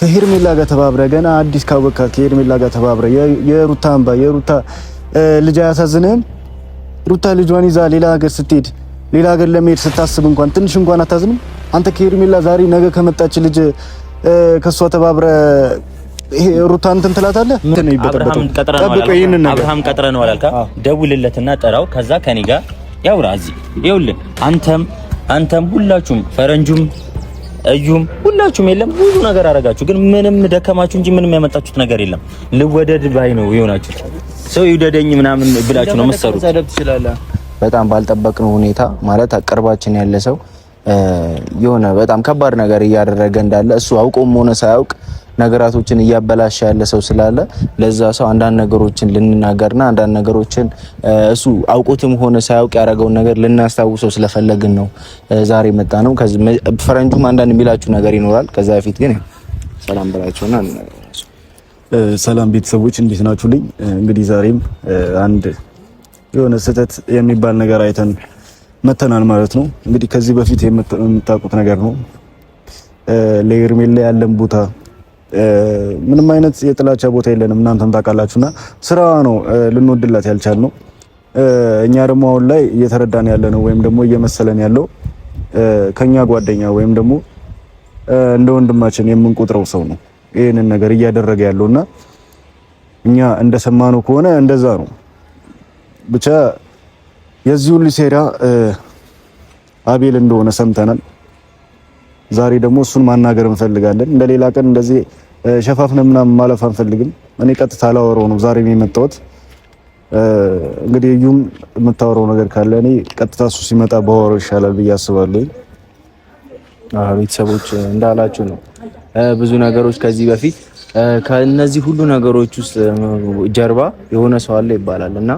ከሄርሜላ ጋር ተባብረ ገና አዲስ ካወቃ ከሄርሜላ ጋር ተባብረ የሩታ አምባ የሩታ ልጅ አያሳዝንህም? ሩታ ልጇን ይዛ ሌላ ሀገር ስትሄድ ሌላ ሀገር ለመሄድ ስታስብ እንኳን ትንሽ እንኳን አታዝንም? አንተ ከሄርሜላ ዛሬ ነገ ከመጣች ልጅ ከእሷ ተባብረ ሩታ እንትን ትላታለህ። አብርሃም ቀጥረ ነው አላልካ? ደውልለትና ጠራው። ከዛ ከኔ ጋር ያውራ። እዚህ ይኸውልህ፣ አንተም አንተም ሁላችሁም ፈረንጁም እዩም ሁላችሁም የለም ብዙ ነገር አረጋችሁ፣ ግን ምንም ደከማችሁ እንጂ ምንም ያመጣችሁት ነገር የለም። ልወደድ ባይ ነው የሆናችሁ ሰው ይውደደኝ ምናምን ብላችሁ ነው መሰሩ። በጣም ባልጠበቅነው ሁኔታ ማለት አቅርባችን ያለ ሰው የሆነ በጣም ከባድ ነገር እያደረገ እንዳለ እሱ አውቆም ሆነ ሳያውቅ ነገራቶችን እያበላሸ ያለ ሰው ስላለ ለዛ ሰው አንዳንድ ነገሮችን ልንናገርና አንዳንድ ነገሮችን እሱ አውቁትም ሆነ ሳያውቅ ያደረገውን ነገር ልናስታውሰው ስለፈለግን ነው ዛሬ መጣ ነው። ፈረንጁም አንዳንድ የሚላችሁ ነገር ይኖራል። ከዛ በፊት ግን ሰላም ብላችሁና ሰላም ቤተሰቦች እንዴት ናችሁልኝ? እንግዲህ ዛሬም አንድ የሆነ ስህተት የሚባል ነገር አይተን መተናል ማለት ነው። እንግዲህ ከዚህ በፊት የምታውቁት ነገር ነው ለሄርሜላ ያለን ቦታ ምንም አይነት የጥላቻ ቦታ የለንም። እናንተም ታውቃላችሁና ስራ ነው ልንወድላት ያልቻል ነው። እኛ ደግሞ አሁን ላይ እየተረዳን ያለ ነው ወይም ደግሞ እየመሰለን ያለው ከኛ ጓደኛ ወይም ደግሞ እንደ ወንድማችን የምንቆጥረው ሰው ነው ይህንን ነገር እያደረገ ያለውና እኛ እንደሰማነው ከሆነ እንደዛ ነው። ብቻ የዚህ ሁሉ ሴራ አቤል እንደሆነ ሰምተናል። ዛሬ ደግሞ እሱን ማናገር እንፈልጋለን። እንደሌላ ቀን እንደዚህ ሸፋፍነ ምናምን ማለፍ አንፈልግም። እኔ ቀጥታ ላወረው ነው ዛሬ የመጣሁት። እንግዲህ እዩም የምታወራው ነገር ካለ እኔ ቀጥታ እሱ ሲመጣ ባወራው ይሻላል ብዬ አስባለሁ። ቤተሰቦች እንዳላችሁ ነው ብዙ ነገሮች ከዚህ በፊት ከነዚህ ሁሉ ነገሮች ውስጥ ጀርባ የሆነ ሰው አለ ይባላል እና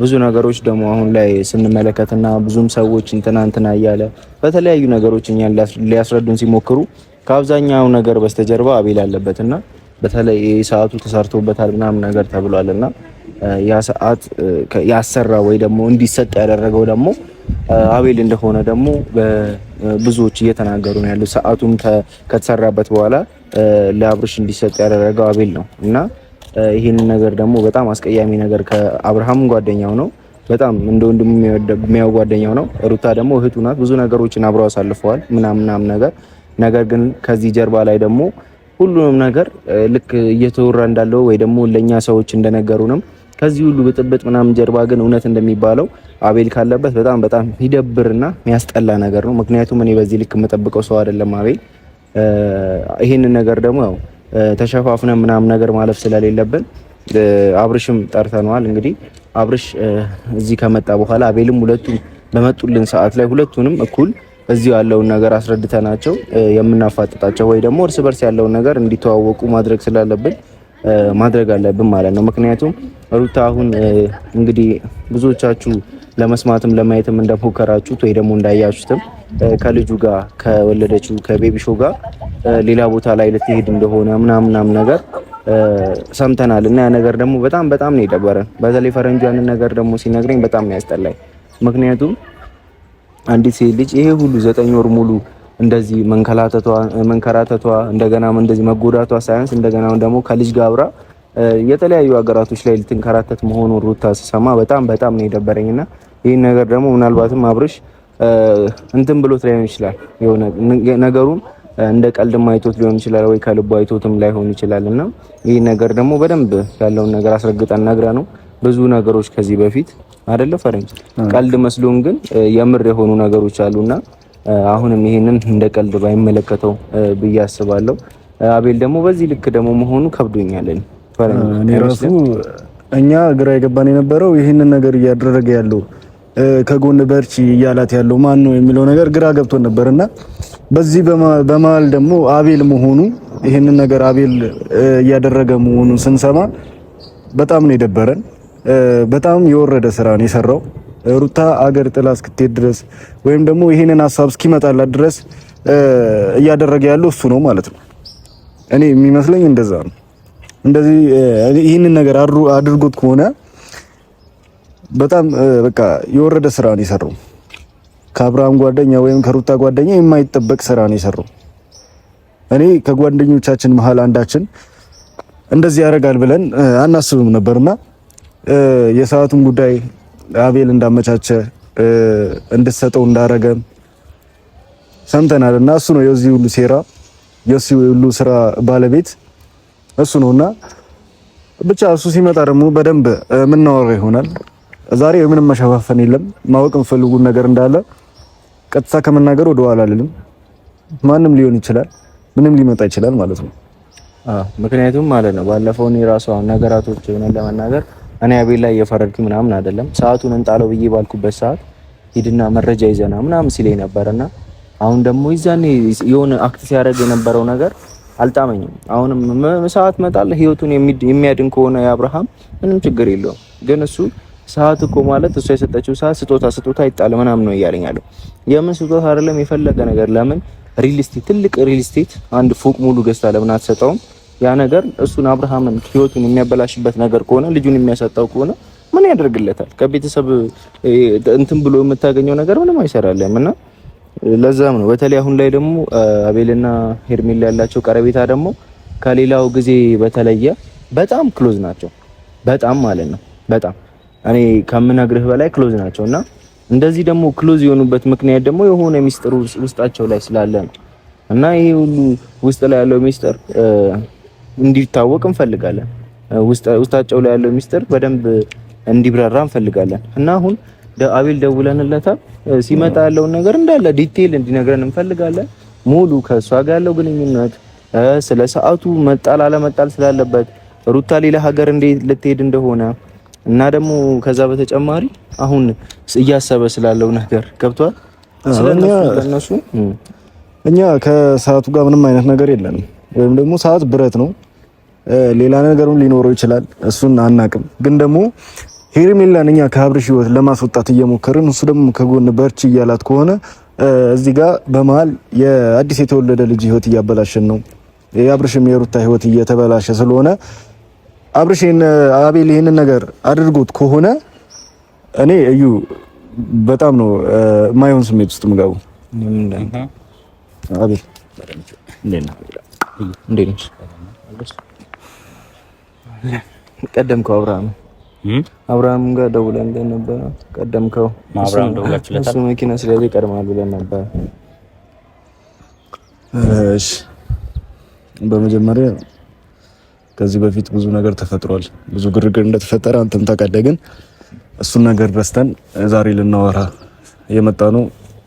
ብዙ ነገሮች ደግሞ አሁን ላይ ስንመለከትና ብዙም ሰዎች እንትና እንትና እያለ በተለያዩ ነገሮች እኛን ሊያስረዱን ሲሞክሩ ከአብዛኛው ነገር በስተጀርባ አቤል አለበትና በተለይ ሰዓቱ ተሰርቶበታል ምናምን ነገር ተብሏልና ያ ሰዓት ያሰራ ወይ ደግሞ እንዲሰጥ ያደረገው ደግሞ አቤል እንደሆነ ደግሞ ብዙዎች እየተናገሩ ነው ያሉት። ሰዓቱም ከተሰራበት በኋላ ለአብርሽ እንዲሰጥ ያደረገው አቤል ነው እና ይህንን ነገር ደግሞ በጣም አስቀያሚ ነገር ከአብርሃም ጓደኛው ነው በጣም እንደ ወንድም የሚያው ጓደኛው ነው። ሩታ ደግሞ እህቱ ናት። ብዙ ነገሮችን አብረው አሳልፈዋል ምናምናም ነገር ነገር ግን ከዚህ ጀርባ ላይ ደግሞ ሁሉንም ነገር ልክ እየተወራ እንዳለው ወይ ደግሞ ለኛ ሰዎች እንደነገሩንም ከዚህ ሁሉ ብጥብጥ ምናምን ጀርባ ግን እውነት እንደሚባለው አቤል ካለበት በጣም በጣም ይደብርና የሚያስጠላ ነገር ነው። ምክንያቱም እኔ በዚህ ልክ የምጠብቀው ሰው አይደለም አቤል። ይህንን ነገር ደግሞ ያው ተሸፋፍነ ምናምን ነገር ማለፍ ስለሌለብን አብርሽም ጠርተነዋል። እንግዲህ አብርሽ እዚህ ከመጣ በኋላ አቤልም ሁለቱም በመጡልን ሰዓት ላይ ሁለቱንም እኩል እዚህ ያለውን ነገር አስረድተናቸው የምናፋጥጣቸው ወይ ደግሞ እርስ በርስ ያለውን ነገር እንዲተዋወቁ ማድረግ ስላለብን ማድረግ አለብን ማለት ነው። ምክንያቱም ሩታ አሁን እንግዲህ ብዙዎቻችሁ ለመስማትም ለማየትም እንደሞከራችሁት ወይ ደግሞ እንዳያችሁትም ከልጁ ጋር ከወለደችው ከቤቢሾ ጋር ሌላ ቦታ ላይ ልትሄድ እንደሆነ ምናምናም ነገር ሰምተናል እና ያ ነገር ደግሞ በጣም በጣም ነው የደበረን። በተለይ ፈረንጁ ያንን ነገር ደግሞ ሲነግረኝ በጣም ነው ያስጠላኝ። ምክንያቱም አንዲት ሴት ልጅ ይሄ ሁሉ ዘጠኝ ወር ሙሉ እንደዚህ መንከራተቷ እንደገናም እንደዚህ መጎዳቷ ሳያንስ እንደገናም ደግሞ ከልጅ ጋር አብራ የተለያዩ ሀገራቶች ላይ ልትንከራተት መሆኑ ሩታ ስሰማ በጣም በጣም ነው የደበረኝ እና ይህን ነገር ደግሞ ምናልባትም አብርሽ እንትን ብሎት ላይሆን ይችላል የሆነ ነገሩን እንደ ቀልድም አይቶት ሊሆን ይችላል ወይ ከልቡ አይቶትም ላይሆን ይችላል። እና ይህ ነገር ደግሞ በደንብ ያለውን ነገር አስረግጠን ነግረ ነው ብዙ ነገሮች ከዚህ በፊት አይደለ ፈረንጅ ቀልድ መስሎን ግን የምር የሆኑ ነገሮች አሉና አሁንም ይሄንን እንደ ቀልድ ባይመለከተው ብዬ አስባለሁ። አቤል ደግሞ በዚህ ልክ ደግሞ መሆኑ ከብዶኛል። እኔ ራሱ እኛ ግራ የገባን የነበረው ይህንን ነገር እያደረገ ያለው ከጎን በርቺ እያላት ያለው ማን ነው የሚለው ነገር ግራ ገብቶን ነበርና በዚህ በመሀል ደግሞ አቤል መሆኑ ይህንን ነገር አቤል እያደረገ መሆኑ ስንሰማ በጣም ነው የደበረን። በጣም የወረደ ስራ ነው የሰራው። ሩታ አገር ጥላ እስክትሄድ ድረስ ወይም ደግሞ ይህንን ሀሳብ እስኪመጣላት ድረስ እያደረገ ያለው እሱ ነው ማለት ነው። እኔ የሚመስለኝ እንደዛ ነው። እንደዚህ ይህንን ነገር አድርጎት ከሆነ በጣም በቃ የወረደ ስራ ነው የሰራው። ከአብርሃም ጓደኛ ወይም ከሩታ ጓደኛ የማይጠበቅ ስራ ነው የሰራው። እኔ ከጓደኞቻችን መሀል አንዳችን እንደዚህ ያደርጋል ብለን አናስብም ነበርና የሰዓቱን ጉዳይ አቤል እንዳመቻቸ እንድትሰጠው እንዳረገ ሰምተናል። እና እሱ ነው የዚህ ሁሉ ሴራ የዚህ ሁሉ ስራ ባለቤት እሱ ነውና ብቻ እሱ ሲመጣ ደግሞ በደንብ የምናወራ ይሆናል። ዛሬ ምንም መሸፋፈን የለም። ማወቅ የምፈልጉን ነገር እንዳለ ቀጥታ ከመናገር ወደ ኋላ አልልም። ማንም ሊሆን ይችላል፣ ምንም ሊመጣ ይችላል ማለት ነው። ምክንያቱም ማለት ነው ባለፈው እኔ ራሷ ነገራቶች ሆነን ለመናገር እኔ አቤል ላይ እየፈረድኩ ምናምን አይደለም። ሰዓቱን እንጣለው ብዬ ባልኩበት ሰዓት ሂድና መረጃ ይዘና ምናምን ሲለኝ ነበርና አሁን ደግሞ ይዛኔ የሆነ አክት ሲያደርግ የነበረው ነገር አልጣመኝም። አሁንም ሰዓት መጣለ ህይወቱን የሚያድን ከሆነ የአብርሃም ምንም ችግር የለውም ግን እሱ ሰዓት እኮ ማለት እሷ የሰጠችው ሰዓት ስጦታ ስጦታ ይጣል ምናምን ነው እያለኝ የምን ስጦታ አይደለም የፈለገ ነገር ለምን ሪል ስቴት ትልቅ ሪል ስቴት አንድ ፎቅ ሙሉ ገዝታ ለምን አትሰጠውም? ያ ነገር እሱን አብርሃምን ህይወቱን የሚያበላሽበት ነገር ከሆነ ልጁን የሚያሳጣው ከሆነ ምን ያደርግለታል? ከቤተሰብ እንትን ብሎ የምታገኘው ነገር ምንም አይሰራለም። እና ለዛም ነው በተለይ አሁን ላይ ደግሞ አቤልና ሄርሜላ ያላቸው ቀረቤታ ደግሞ ከሌላው ጊዜ በተለየ በጣም ክሎዝ ናቸው። በጣም ማለት ነው በጣም እኔ ከምነግርህ በላይ ክሎዝ ናቸው እና እንደዚህ ደግሞ ክሎዝ የሆኑበት ምክንያት ደግሞ የሆነ ሚስጥር ውስጣቸው ላይ ስላለ ነው እና ይሄ ሁሉ ውስጥ ላይ ያለው ሚስጥር እንዲታወቅ እንፈልጋለን። ውስጣቸው ላይ ያለው ሚስጥር በደንብ እንዲብራራ እንፈልጋለን እና አሁን አቤል ደውለንለታል። ሲመጣ ያለውን ነገር እንዳለ ዲቴይል እንዲነግረን እንፈልጋለን። ሙሉ ከእሷ ጋር ያለው ግንኙነት፣ ስለ ሰዓቱ መጣል አለመጣል ስላለበት፣ ሩታ ሌላ ሀገር እንዴት ልትሄድ እንደሆነ እና ደግሞ ከዛ በተጨማሪ አሁን እያሰበ ስላለው ነገር ገብቷል። ስለነሱ እኛ ከሰዓቱ ጋር ምንም አይነት ነገር የለንም። ወይም ደግሞ ሰዓት ብረት ነው፣ ሌላ ነገርም ሊኖረው ይችላል። እሱን አናቅም። ግን ደግሞ ሄርሜላን እኛ ከአብርሽ ህይወት ለማስወጣት እየሞከርን እሱ ደግሞ ከጎን በርች እያላት ከሆነ እዚህ ጋር በመሀል የአዲስ የተወለደ ልጅ ህይወት እያበላሸን ነው። የአብርሽም የሩታ ህይወት እየተበላሸ ስለሆነ አብርሽ አቤል ይህንን ነገር አድርጎት ከሆነ እኔ እዩ በጣም ነው ማይሆን ስሜት ውስጥ ምገቡ ቀደምከው አብርሃም አብርሃም ጋር ደውለን ነበረ። ቀደምከው እሱ መኪና ስለዚህ ይቀድማል ብለን ነበረ። እሺ በመጀመሪያ ከዚህ በፊት ብዙ ነገር ተፈጥሯል። ብዙ ግርግር እንደተፈጠረ አንተም ታውቃለህ። ግን እሱን ነገር ረስተን ዛሬ ልናወራ የመጣ ነው።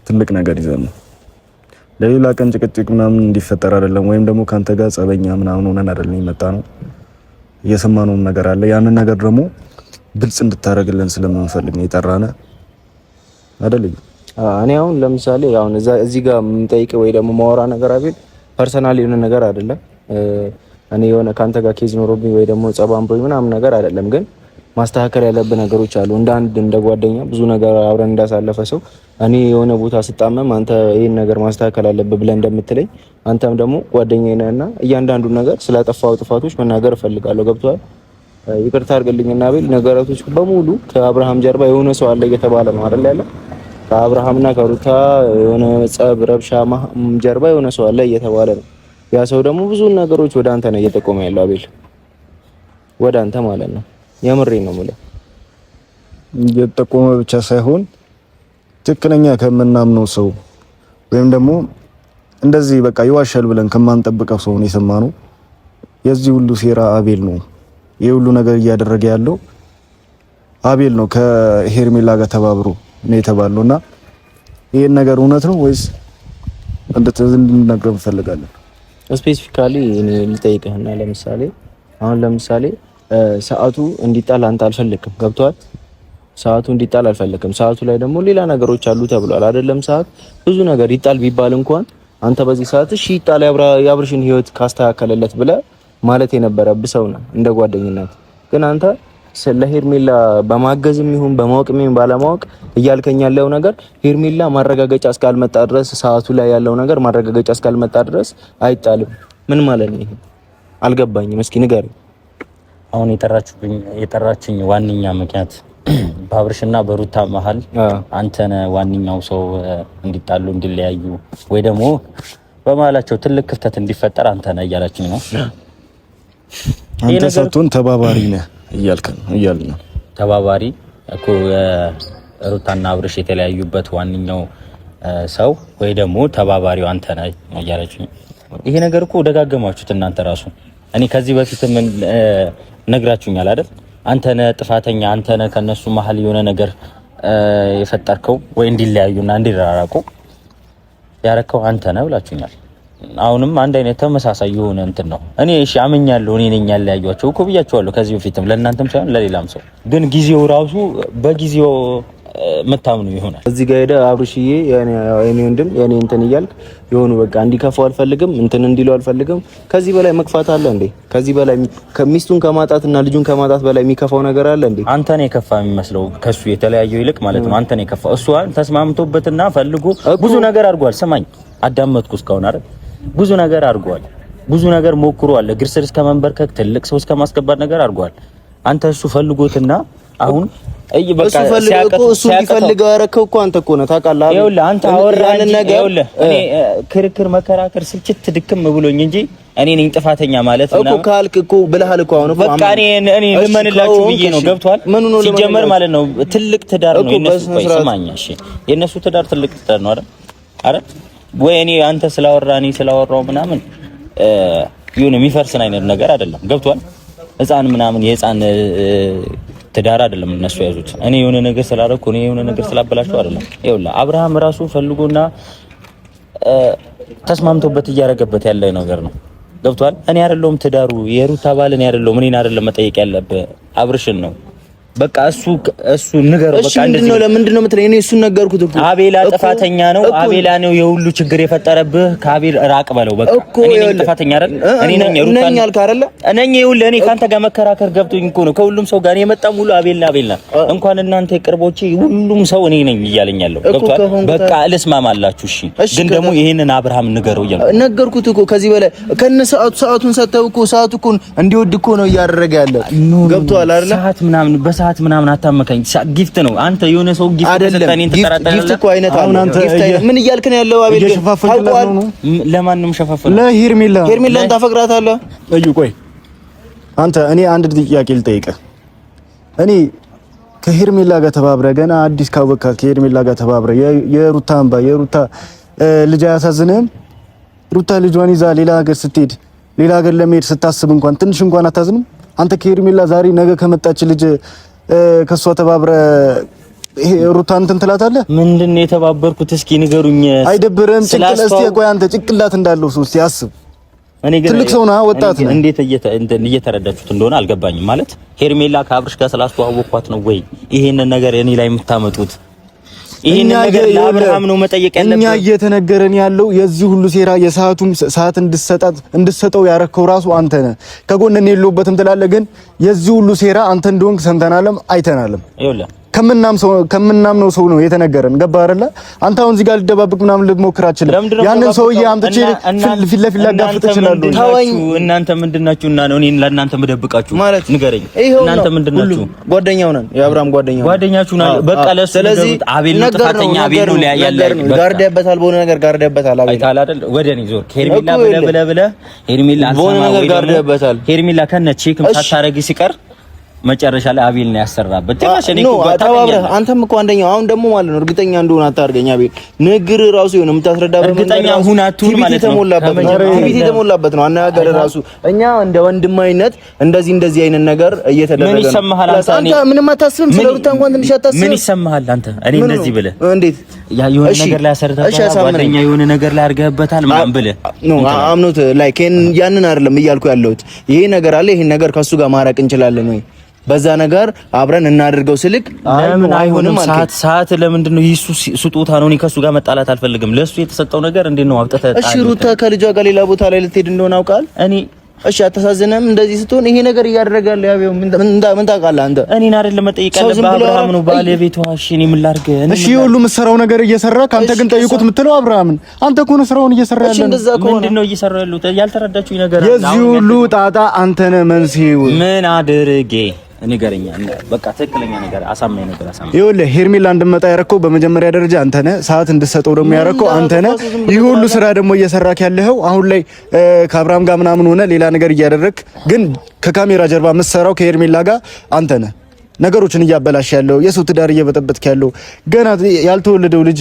ትልቅ ነገር ይዘን ነው። ለሌላ ቀን ጭቅጭቅ ምናምን እንዲፈጠር አይደለም፣ ወይም ደግሞ ከአንተ ጋር ጸበኛ ምናምን ሆነን አይደለም የመጣ ነው። እየሰማነውም ነገር አለ። ያንን ነገር ደግሞ ግልጽ እንድታደርግልን ስለምንፈልግ ነው የጠራነ አይደለም። እኔ አሁን ለምሳሌ አሁን እዚህ ጋር የምንጠይቅ ወይ ደግሞ ማወራ ነገር አቤል ፐርሰናል የሆነ ነገር አይደለም እኔ የሆነ ከአንተ ጋር ኬዝ ኖሮብኝ ወይ ደግሞ ጸባምብሮኝ ምናምን ነገር አይደለም፣ ግን ማስተካከል ያለብ ነገሮች አሉ። እንደ አንድ እንደ ጓደኛ ብዙ ነገር አብረን እንዳሳለፈ ሰው እኔ የሆነ ቦታ ስጣመም አንተ ይህን ነገር ማስተካከል አለብህ ብለህ እንደምትለኝ አንተም ደግሞ ጓደኛዬ ነህ እና እያንዳንዱ ነገር ስላጠፋው ጥፋቶች መናገር እፈልጋለሁ። ገብቶሃል? ይቅርታ አድርግልኝና ቤል ነገራቶች በሙሉ ከአብርሃም ጀርባ የሆነ ሰው አለ እየተባለ ነው አይደል? ያለ ከአብርሃምና ከሩታ የሆነ ጸብ፣ ረብሻ ጀርባ የሆነ ሰው አለ እየተባለ ነው። ያ ሰው ደግሞ ብዙ ነገሮች ወደ አንተ ነው እየጠቆመ ያለው አቤል፣ ወደ አንተ ማለት ነው። የምሬ ነው የምልህ እየጠቆመ ብቻ ሳይሆን ትክክለኛ ከምናምነው ሰው ወይም ደግሞ እንደዚህ በቃ ይዋሻል ብለን ከማንጠብቀው ሰው ነው የሰማነው። የዚህ ሁሉ ሴራ አቤል ነው። ይህ ሁሉ ነገር እያደረገ ያለው አቤል ነው ከሄርሜላ ጋር ተባብሮ ነው የተባለውና ይሄን ነገር እውነት ነው ወይስ እንደተዝን እንፈልጋለን። ስፔሲፊካሊ ልጠይቅህና ለምሳሌ አሁን ለምሳሌ ሰዓቱ እንዲጣል አንተ አልፈልግም። ገብቷል? ሰዓቱ እንዲጣል አልፈልግም። ሰዓቱ ላይ ደግሞ ሌላ ነገሮች አሉ ተብሏል አይደለም? ሰዓት ብዙ ነገር ይጣል ቢባል እንኳን አንተ በዚህ ሰዓት እሺ ይጣል የአብርሽን ህይወት ካስተካከለለት ብለህ ማለት የነበረብህ ሰው እንደ ጓደኝነት ግን አንተ ስለ ሄርሜላ በማገዝ የሚሆን በማወቅ የሚሆን ባለማወቅ እያልከኝ ያለው ነገር ሄርሜላ ማረጋገጫ እስካልመጣ ድረስ ሰዓቱ ላይ ያለው ነገር ማረጋገጫ እስካልመጣ ድረስ አይጣልም። ምን ማለት ነው? አልገባኝም። እስኪ ንገር። አሁን የጠራችኝ ዋነኛ ምክንያት በአብርሽና በሩታ መሀል አንተነ ዋነኛው ሰው እንዲጣሉ እንዲለያዩ ወይ ደግሞ በመሀላቸው ትልቅ ክፍተት እንዲፈጠር አንተነ እያላችኝ ነው። አንተ ሰቱን ተባባሪ ነህ እያልከን እያልን ነው። ተባባሪ እኮ ሩታና አብርሽ የተለያዩበት ዋነኛው ሰው ወይ ደግሞ ተባባሪው አንተ ነህ እያለች ይሄ ነገር እኮ ደጋገማችሁት እናንተ ራሱ። እኔ ከዚህ በፊትም ነግራችሁኛል አይደል? አንተ ነህ ጥፋተኛ፣ አንተ ነህ ከነሱ መሀል የሆነ ነገር የፈጠርከው ወይ እንዲለያዩና እንዲራራቁ ያረከው አንተ ነህ ብላችሁኛል። አሁንም አንድ አይነት ተመሳሳይ የሆነ እንትን ነው። እኔ እሺ አመኛለሁ፣ እኔ ነኝ ያለያዩዋቸው እኮ ብያቸዋለሁ ከዚህ በፊትም ለእናንተም ሳይሆን ለሌላም ሰው። ግን ጊዜው ራሱ በጊዜው መታምኑ ይሆናል። እዚህ ጋር ሄደህ አብርሽዬ የኔ ወንድም የኔ እንትን እያልክ የሆኑ በቃ እንዲከፋው አልፈልግም፣ እንትን እንዲለው አልፈልግም። ከዚህ በላይ መክፋት አለ እንዴ? ከዚህ በላይ ሚስቱን ከማጣትና ልጁን ከማጣት በላይ የሚከፋው ነገር አለ እንዴ? አንተ ነው የከፋ የሚመስለው ከሱ የተለያየው ይልቅ ማለት ነው። አንተ ነው የከፋ እሱ ተስማምቶበትና ፈልጎ ብዙ ነገር አድርጓል። ስማኝ፣ አዳመጥኩ እስካሁን አይደል ብዙ ነገር አድርጓል። ብዙ ነገር ሞክሯል። እግር ስር እስከ መንበርከክ ትልቅ ሰው እስከ ማስገባት ነገር አድርጓል። አንተ እሱ ፈልጎትና አሁን እይ በቃ እሱ ፈልገው ያረከው እኮ አንተ እኮ ነህ ታውቃለህ። ይኸውልህ አንተ አወራን ነገር እኔ ክርክር መከራከር ስልችት ድክም ብሎኝ እንጂ እኔ ነኝ ጥፋተኛ ማለት ነው እኮ ካልክ እኮ ብለሃል እኮ አሁን በቃ እኔ እኔ ልመንላችሁ ብዬ ነው ገብቷል። ምን ነው ሲጀመር ማለት ነው ትልቅ ትዳር ነው የነሱ ቆይ ስማኝ፣ እሺ የነሱ ትዳር ትልቅ ትዳር ነው አይደል አረ ወይ እኔ አንተ ስላወራ እኔ ስላወራው ምናምን ይሁን የሚፈርስን አይነት ነገር አይደለም። ገብቷል። ህፃን ምናምን የህፃን ትዳር አይደለም እነሱ ያዙት። እኔ የሆነ ነገር ስላደረኩ እኔ የሆነ ነገር ስላበላሽው አይደለም። ይኸውልህ አብርሃም ራሱ ፈልጎና ተስማምቶበት እያደረገበት ያለ ነገር ነው። ገብቷል። እኔ አይደለሁም ትዳሩ የሩታ ባል እኔ አይደለሁም። እኔን አይደለም መጠየቅ ያለብህ አብርሽን ነው። በቃ እሱ እሱ ንገረው። በቃ እንደዚህ ነው። ለምንድን ነው የምትለኝ? እኔ እሱን ነገርኩት እኮ አቤላ ጥፋተኛ ነው። አቤላ ነው የሁሉ ችግር የፈጠረብህ። ከአቤል ራቅ በለው በቃ። እኔ ነኝ ጥፋተኛ አይደል? እኔ ነኝ ሩታ ነኝ አልክ አይደል? እኔ ይኸውልህ፣ ለኔ ካንተ ጋር መከራከር ገብቶኝ እኮ ነው። ከሁሉም ሰው ጋር የመጣም ሁሉ አቤልና አቤልና እንኳን እናንተ የቅርቦቼ ሁሉም ሰው እኔ ነኝ እያለኝ በቃ ልስማማላችሁ። እሺ፣ ግን ደግሞ ይሄንን አብርሃም ንገረው እያልኩ ነገርኩት እኮ። ከዚህ በላይ ከነ ሰዓቱ ሰዓቱን ሰተው እኮ ሰዓቱ እኮ እንዲወድ እኮ ነው እያደረገ ያለ ገብቶሃል አይደል? ሰዓት ምናምን በሰዓት ሰዓት ምናምን አታመካኝ። ጊፍት ነው። አንተ የሆነ ሰው ጊፍት ተሰጠኝ ተጠራጠረ። ጊፍት እኮ አይነት አሁን አንተ ምን እያልክ ነው ያለው? አቤል ታውቀዋል። ለማንም ሸፋፈን ለሄርሜላ ሄርሜላን ታፈቅራታለህ? እዩ ቆይ አንተ እኔ አንድ ጥያቄ ልጠይቅህ። እኔ ከሄርሜላ ጋር ተባብረ ገና አዲስ ካወካ ከሄርሜላ ጋር ተባብረ የሩታ አምባ የሩታ ልጅ አያሳዝንህም? ሩታ ልጇን ይዛ ሌላ ሀገር ስትሄድ ሌላ ሀገር ለመሄድ ስታስብ እንኳን ትንሽ እንኳን አታዝንም? አንተ ከሄርሜላ ዛሬ ነገ ከመጣች ልጅ ከሷ ተባብረ ይሄ ሩታን እንትን ትላታለህ። ምንድን ነው የተባበርኩት? እስኪ ንገሩኝ። አይደብርም? ጭቅላት ቆይ አንተ ጭቅላት እንዳለው ሰው እስቲ አስብ። ትልቅ ሰው ነህ፣ ወጣት ነህ። እንዴት እየተረዳችሁት እንደሆነ አልገባኝም። ማለት ሄርሜላ ከአብርሽ ጋር ስላስተዋወቅኳት ነው ወይ ይሄንን ነገር እኔ ላይ የምታመጡት? ለአብርሃም ነው መጠየቅ ያለብን። እኛ እየተነገረን ያለው የዚህ ሁሉ ሴራ የሰዓቱም ሰዓት እንድሰጣት እንድሰጠው ያረከው ራሱ አንተ ነህ። ከጎን እኔ የለሁበትም ትላለህ፣ ግን የዚህ ሁሉ ሴራ አንተ እንደሆንክ ሰምተናለም አይተናለም። ይኸውልህ ከምናምነው ሰው ነው የተነገረን። ገባ አይደለ? አንተ አሁን እዚህ ጋር ልደባብቅ ምናምን ልሞክር አችልም። ያንን ሰውዬ አምጥቼ ፊት ለፊት ላጋፍጥ እችላለሁ። እናንተ ምንድናችሁ እና ነው እኔ ለእናንተ መደብቃችሁ ማለት ንገረኝ። እናንተ ምንድናችሁ? ጓደኛው ነን፣ የአብርሃም ጓደኛው ጓደኛችሁ ነን። በቃ ለሱ ስለዚህ አቤል ነው ጥፋተኛ፣ አቤል ነው ያያለ ጋርድ ያበታል፣ በሆነ ነገር ጋርድ ያበታል። አቤል አይታል አይደል? ወደ እኔ ዞር። ሄርሜላ ብለህ ብለህ ብለህ ሄርሜላ በሆነ ነገር ጋርድ ያበታል። ሄርሜላ ከነ ቼክም ሳታረጊ ሲቀር መጨረሻ ላይ አቤል ነው ያሰራበት። ጭራሽ እኔ እኮ ተባብረህ አንተም እኮ አንደኛው አሁን ደግሞ ማለት ነው እርግጠኛ እንደሆነ አታርገኝ። አቤል ንግር ራሱ የሆነ የምታስረዳበት እርግጠኛ ሁናቱ ማለት ነው ትዕቢት የተሞላበት ነው አነጋገር ራሱ። እኛ እንደ ወንድማዊነት እንደዚህ እንደዚህ አይነት ነገር እየተደረገ ነው። ምን ይሰማሃል አንተ? አንተ ምንም አታስብም። ስለ ሩታ እንኳን ትንሽ አታስብም። ምን ይሰማሃል አንተ? እኔ እንደዚህ ብለህ እንዴት ያ የሆነ ነገር ላይ አሰርተህ ጓደኛ የሆነ ነገር ላይ አድርገህበታል ምናምን ብለህ አምኖት ላይ ያንን አይደለም እያልኩ ያለሁት ይሄ ነገር አለ ይሄን ነገር ከሱ ጋር ማራቅ እንችላለን ወይ በዛ ነገር አብረን እናደርገው ስልክ ለምን አይሆንም? ሰዓት ሰዓት ለምንድን ነው ይሱ ስጦታ ነው። እኔ ከሱ ጋር መጣላት አልፈልግም። ለሱ የተሰጠው ነገር እንዴት ነው አብጠተ እሺ፣ ሩታ ከልጇ ጋር ሌላ ቦታ ላይ ልትሄድ እንደሆነ አውቃል። እኔ እሺ፣ አታሳዝንም? እንደዚህ ስትሆን ይሄ ነገር እያደረገ ያለ ያው ምን ምን ታውቃለህ አንተ? እኔን አይደለም መጠየቅ ያለብህ አብርሃም ነው ባለቤቷ። እሺ፣ እኔ ምን ላድርግ? እሺ፣ ሁሉ የምትሰራው ነገር እየሰራ ከአንተ ግን ጠይቁት የምትለው አብርሃምን፣ አንተ እኮ ነው ስራውን እየሰራ ያለ። ምንድን ነው እየሰራ ያለው? ያልተረዳችሁኝ ነገር የዚህ ሁሉ ጣጣ አንተ ነህ መንስኤው። ምን አድርጌ ንገረኛ በቃ ትክክለኛ ነገር አሳማኝ ነገር አሳማኝ። ይኸውልህ ሄርሜላ እንድመጣ ያረከው በመጀመሪያ ደረጃ አንተ ነህ። ሰዓት እንድሰጠው ደግሞ ያረከው አንተ ነህ። ይህ ሁሉ ስራ ደግሞ እየሰራክ ያለኸው አሁን ላይ ከአብርሃም ጋር ምናምን ሆነ ሌላ ነገር እያደረግክ፣ ግን ከካሜራ ጀርባ የምትሰራው ከሄርሜላ ጋር አንተ ነህ። ነገሮችን እያበላሽ ያለው የሰው ትዳር እየበጠበጥክ ያለው ገና ያልተወለደው ልጅ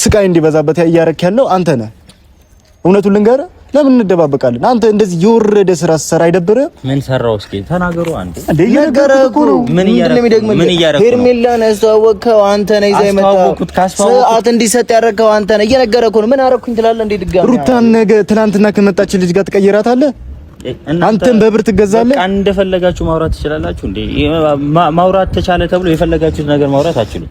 ስቃይ እንዲበዛበት እያረክ ያለው አንተ ነህ። እውነቱን ልንገርህ ለምን እንደባበቃለን? አንተ እንደዚህ የወረደ ስራ ሰራ አይደብረ? ምን ሰራው? እስኪ ተናገሩ። አንተ እየነገረህ እኮ ነው። ምን እያደረግህ? ሄርሜላን ያስተዋወቅኸው አንተ ነህ። ይዘህ የመጣህ ሰዓት እንዲሰጥ ያደረግኸው አንተ ነህ። እየነገረህ ነው። ምን አደረኩኝ ትላለህ? እንደ ድጋሚ ሩታን ነገ ትናንትና ከመጣች ልጅ ጋር ትቀይራታለህ አንተም በብር ትገዛለህ። እንደፈለጋችሁ ማውራት ትችላላችሁ እንዴ? ማውራት ተቻለ ተብሎ የፈለጋችሁት ነገር ማውራት አትችሉ።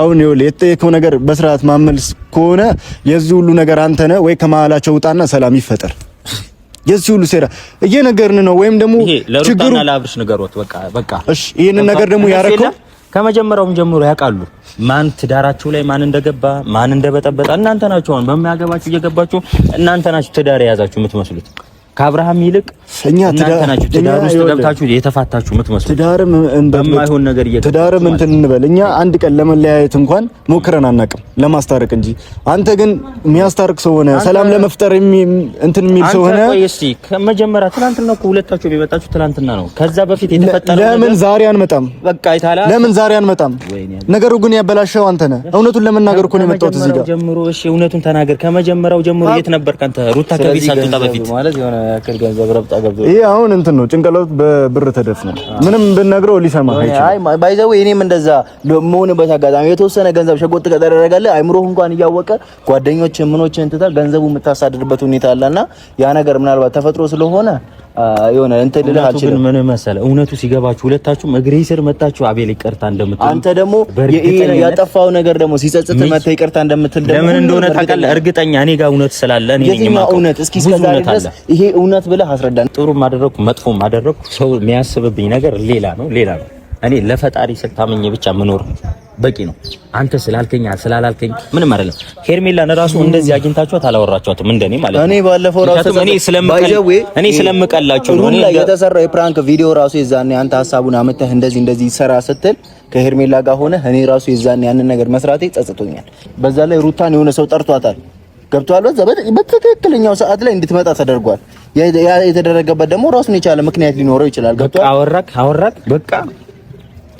አሁን ይኸውልህ የተጠየቀው ነገር በስርዓት ማመልስ ከሆነ የዚህ ሁሉ ነገር አንተ ነህ ወይ? ከመሀላቸው ውጣና ሰላም ይፈጠር። የዚህ ሁሉ ሴራ እየነገርን ነው። ወይም ደግሞ ችግሩ ለአብርሽ ንገሮት። በቃ በቃ። እሺ፣ ይሄንን ነገር ደግሞ ያረከው ከመጀመሪያውም ጀምሮ ያውቃሉ። ማን ትዳራችሁ ላይ ማን እንደገባ ማን እንደበጠበጣ እናንተ ናችሁ። አሁን በሚያገባችሁ እየገባችሁ እናንተ ናችሁ ትዳር የያዛችሁ የምትመስሉት ከአብርሃም ይልቅ እኛ ትዳር ውስጥ ገብታችሁ የተፋታችሁ የምትመስሉ በማይሆን ነገር ትዳርም እንትን እንበል። እኛ አንድ ቀን ለመለያየት እንኳን ሞክረን አናውቅም ለማስታረቅ እንጂ። አንተ ግን የሚያስታርቅ ሰው ሆነ፣ ሰላም ለመፍጠር የሚ እንትን የሚል ሰው ሆነ። ከመጀመሪያ ትናንትና እኮ ሁለታችሁ የመጣችሁ ትናንትና ነው። ከዛ በፊት የተፈጠረ ለምን ዛሬ አንመጣም? በቃ ይታላ ለምን ዛሬ አንመጣም? ነገሩ ግን ያበላሸው አንተ ነህ። እውነቱን ለመናገር እኮ ነው የመጣሁት እዚህ ጋር ጀምሮ። እሺ እውነቱን ተናገር። ከመጀመሪያው ጀምሮ የት ነበርክ አንተ? ሩታ ከቤት ሳትወጣ በፊት ማለት ነው ያክል ገንዘብ ረብጣ ገብቶ ይሄ አሁን እንትን ነው ጭንቅላቱ በብር ተደፍነው ምንም ብነግረው ሊሰማ አይችልም። አይ ባይ ዘ ወይ እኔም እንደዛ መሆንበት አጋጣሚ የተወሰነ ገንዘብ ሸጎጥ ከተደረገለ አይምሮህ እንኳን እያወቀ ጓደኞችን ምኖችን እንትታ ገንዘቡ የምታሳድርበት ሁኔታ አለና ያ ነገር ምናልባት ተፈጥሮ ስለሆነ የሆነ እንትን ልልህ አልችልም። ምን መሰለህ እውነቱ ሲገባችሁ ሁለታችሁም እግሬ ስር መጣችሁ አቤል ይቅርታ እንደምትል አንተ ደግሞ ያጠፋው ነገር ደግሞ ሲጸጽት መተህ ይቅርታ እንደምትል ደግሞ ለምን እንደሆነ ታውቃለህ። እርግጠኛ እኔ ጋር እውነት ስላለ እኔ ነኝ የማውቀው። እውነት እስኪ እስከዛሬ ድረስ ይሄ እውነት ብለህ አስረዳን። ጥሩ ማደረኩ መጥፎም አደረኩ ሰው የሚያስብብኝ ነገር ሌላ ነው ሌላ ነው እኔ ለፈጣሪ ስል ብቻ ምኖር በቂ ነው። አንተ ስላልከኝ ስላላልከኝ ምንም አይደለም። ሄርሜላን እራሱ እንደዚህ አግኝታችኋት አላወራችኋትም? እንደኔ ማለት ነው። እኔ ባለፈው ራሱ እኔ ስለምቀላችሁ ነው። እኔ የተሰራው የፕራንክ ቪዲዮ ራሱ የዛኔ አንተ ሀሳቡን አመተህ እንደዚህ እንደዚህ ይሰራ ስትል ከሄርሜላ ጋር ሆነ እኔ ራሱ የዛኔ ያንን ነገር መስራቴ ጸጽቶኛል። በዛ ላይ ሩታን የሆነ ሰው ጠርቷታል ገብቷል። በዛ በትክክለኛው ሰዓት ላይ እንድትመጣ ተደርጓል። የተደረገበት ደግሞ ራሱን የቻለ ምክንያት ሊኖረው ይችላል። ገብቷል። አወራክ አወራክ በቃ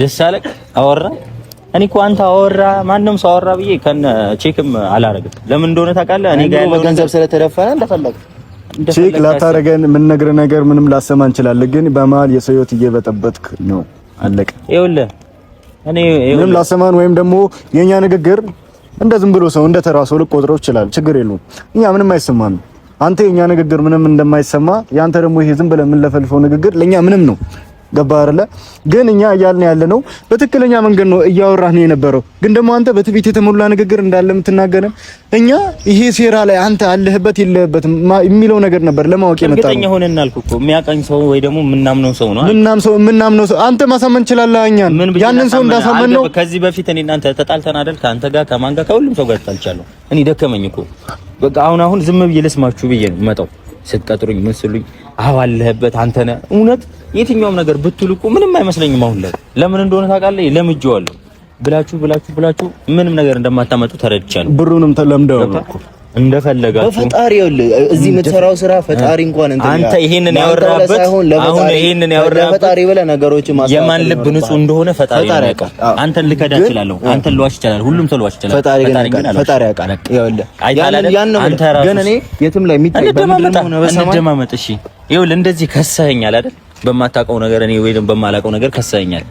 ደስ አለህ? አወራ እኔ እኮ አንተ አወራ ማንም ሰው አወራ ብዬ ከነ ቼክም አላረግም። ለምን እንደሆነ ታውቃለህ? እኔ ጋር ያለው ገንዘብ ስለተደፈረ እንደፈለግ ቼክ ላታረገን የምንነግርህ ነገር ምንም ላሰማ እንችላለን፣ ግን በመሀል የሰው ህይወት እየበጠበጥክ ነው። አለቀ። ይኸውልህ እኔ ምንም ላሰማን ወይም ደግሞ የኛ ንግግር እንደ ዝም ብሎ ሰው እንደ ተራ ሰው ልቆጥረው ይችላል። ችግር የለውም። እኛ ምንም አይሰማን። አንተ የኛ ንግግር ምንም እንደማይሰማ ያንተ ደግሞ ይሄ ዝም ብለህ የምንለፈልፈው ንግግር ለኛ ምንም ነው ገባ አይደለ? ግን እኛ እያልን ያለ ነው በትክክለኛ መንገድ ነው እያወራህ ነው የነበረው። ግን ደግሞ አንተ በትዕቢት የተሞላ ንግግር እንዳለ የምትናገረን እኛ ይሄ ሴራ ላይ አንተ አለህበት የለህበትም የሚለው ነገር ነበር ለማወቅ የመጣ ነው። ሆነን አልኩህ እኮ የሚያቀኝ ሰው ወይ ደግሞ የምናምነው ሰው ነው። ምናምነው ሰው አንተ ማሳመን ትችላለህ። እኛ ያንን ሰው እንዳሳመን ነው። ከዚህ በፊት እኔ እናንተ ተጣልተን አይደል? ከአንተ ጋር ከማን ጋር ከሁሉም ሰው ጋር ተጣልቻለሁ። እኔ ደከመኝ እኮ በቃ አሁን አሁን ዝም ብዬ ልስማችሁ ብዬ ነው መጣው ስትቀጥሩኝ ምን ስሉኝ አለህበት አንተ ነህ እውነት የትኛውም ነገር ብትልቁ ምንም አይመስለኝም። አሁን ላይ ለምን እንደሆነ ታውቃለህ? ለምጄዋለሁ። ብላችሁ ብላችሁ ብላችሁ ምንም ነገር እንደማታመጡ ተረድቻለሁ። ብሩንም ተለምደው ነው እንደፈለጋችሁ በፈጣሪ ያለ እዚህ የምትሰራው ስራ ፈጣሪ እንኳን እንትን አንተ ይሄንን ያወራበት አሁን ይሄንን ያወራበት ፈጣሪ ብለህ ነገሮችን ማሳየት የማን ልብ ንጹህ እንደሆነ ፈጣሪ ያውቃል። አንተን ልከዳ እችላለሁ፣ አንተን ልዋሽ ይችላል፣ ሁሉም ሰው ልዋሽ ይችላል። ፈጣሪ ግን ፈጣሪ ያውቃል። ያን ግን እኔ የትም ላይ የሚታይ በምንድን ነው በሰማይ እንደማመጥ። እሺ ይኸውልህ እንደዚህ ከሰኸኛል አይደል በማታውቀው ነገር እኔ ወይም በማላውቀው ነገር ከሰኛል።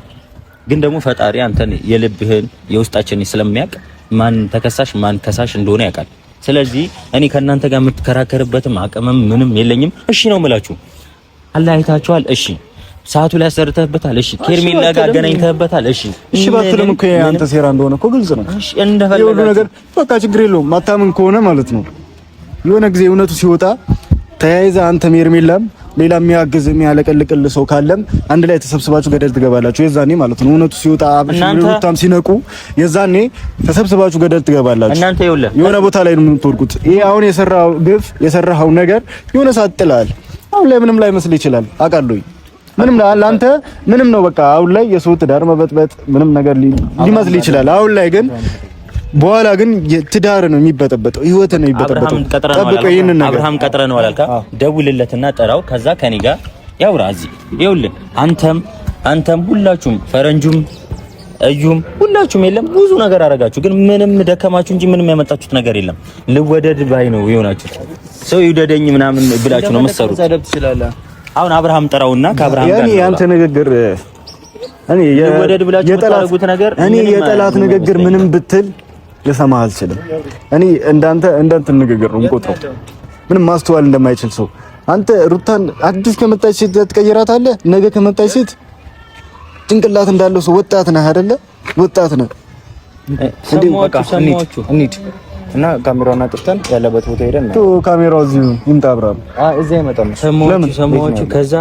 ግን ደግሞ ፈጣሪ አንተን የልብህን የውስጣችን ስለሚያውቅ ማን ተከሳሽ ማን ከሳሽ እንደሆነ ያውቃል። ስለዚህ እኔ ከእናንተ ጋር የምትከራከርበትም አቅምም ምንም የለኝም። እሺ ነው የምላችሁ። አለያይታችኋል። እሺ ሰዓቱ ላይ አሰርተህበታል። እሺ ኬርሜላ ጋር አገናኝተህበታል። እሺ እሺ ባትልም እኮ አንተ ሴራ እንደሆነ እኮ ግልጽ ነው። እሺ እንደፈለገ የሁሉ ነገር በቃ ችግር የለውም። ማታምን ከሆነ ማለት ነው የሆነ ጊዜ እውነቱ ሲወጣ ተያይዘህ አንተ ሜርሜላም ሌላ የሚያግዝ የሚያለቀልቅል ሰው ካለም አንድ ላይ ተሰብስባችሁ ገደል ትገባላችሁ። የዛኔ ማለት ነው እውነቱ ሲወጣ አብሽሩታም ሲነቁ የዛኔ ተሰብስባችሁ ገደል ትገባላችሁ። እናንተ የሆነ ቦታ ላይ ነው የምትወድቁት። ይሄ አሁን የሰራው ግፍ የሰራው ነገር የሆነ ሰዓት ጥላል። አሁን ላይ ምንም ላይ መስል ይችላል አውቃለሁ። ምንም ለአንተ ምንም ነው በቃ አሁን ላይ የሰው ትዳር መበጥበጥ ምንም ነገር ሊመስል ይችላል። አሁን ላይ ግን በኋላ ግን ትዳር ነው የሚበጠበጠው፣ ህይወት ነው የሚበጠበጠው። አብርሃም ቀጥረ ነው አላልካ? ደውልለትና ጠራው። ከዛ ከኔ ጋር ያውራ። እዚህ ይኸውልህ፣ አንተም አንተም ሁላችሁም ፈረንጁም እዩም ሁላችሁም የለም ብዙ ነገር አረጋችሁ፣ ግን ምንም ደከማችሁ እንጂ ምንም ያመጣችሁት ነገር የለም። ልወደድ ባይ ነው የሆናችሁት። ሰው ይውደደኝ ምናምን ብላችሁ ነው መሰሩት። አሁን አብርሃም ጠራውና ከአብርሃም ጋር ያኔ አንተ ንግግር እኔ የወደድ ብላችሁ ነገር እኔ የጠላት ንግግር ምንም ብትል ልሰማ አልችልም። እኔ እንዳንተ እንዳንተ ንግግር ነው እንቆጥረው ምንም ማስተዋል እንደማይችል ሰው አንተ ሩታን አዲስ ከመጣች ሴት ትቀይራታለህ። ነገ ከመጣች ሴት ጭንቅላት እንዳለው ሰው ወጣት ነህ አይደለ? ወጣት ነህ። እንዴ? እና ካሜራውን አጥፍተን ያለበት ቦታ ሄደን ነው። ካሜራው እዚህ ይምጣ። አብራም አይ እዚህ አይመጣም። ሰሞቹ ከዛ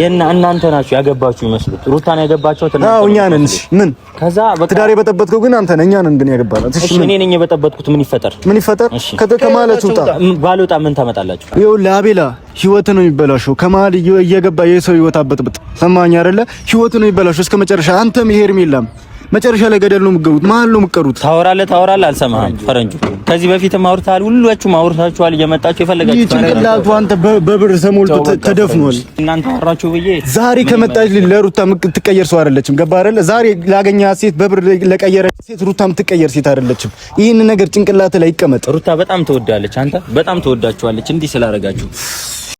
የና እናንተ ናችሁ ያገባችሁ ይመስሉት ሩታን ያገባችሁ ተናገሩ። አዎ እኛ ነን። እሺ ምን ከዛ በቃ ትዳር የበጠበጥከው ግን አንተ ነህ። እኛ ነን ግን ያገባናት። እሺ እኔ ነኝ የበጠበጥኩት። ምን ይፈጠር ምን ይፈጠር ከተ ከማለት ውጣ። ባልወጣ ምን ታመጣላችሁ? ይኸው ለአቤላ ህይወት ነው የሚበላሸው። ከመሀል እየገባ የሰው ህይወት አበጥብጥ። ሰማኸኝ አይደለ? ህይወት ነው የሚበላሸው እስከ መጨረሻ አንተም ይሄርም የለም መጨረሻ ላይ ገደል ነው የምትገቡት፣ መሀል ነው የምትቀሩት። ታወራለህ ታወራለህ፣ አልሰማህም። ፈረንጁ ከዚህ በፊትም አውርተሃል፣ ሁላችሁም አውርታችኋል። እየመጣችሁ የፈለጋችሁ ጭንቅላቱ አንተ በብር ተሞልቶ ተደፍኗል። እናንተ አወራችሁ ብዬ ዛሬ ከመጣች ለሩታ የምትቀየር ሰው አይደለችም። ገባህ አይደለ? ዛሬ ላገኛት ሴት በብር ለቀየረ ሴት ሩታ የምትቀየር ሴት አይደለችም። ይህን ነገር ጭንቅላት ላይ ይቀመጥ። ሩታ በጣም ትወዳለች፣ አንተ በጣም ትወዳችኋለች። እንዲህ ስላደረጋችሁ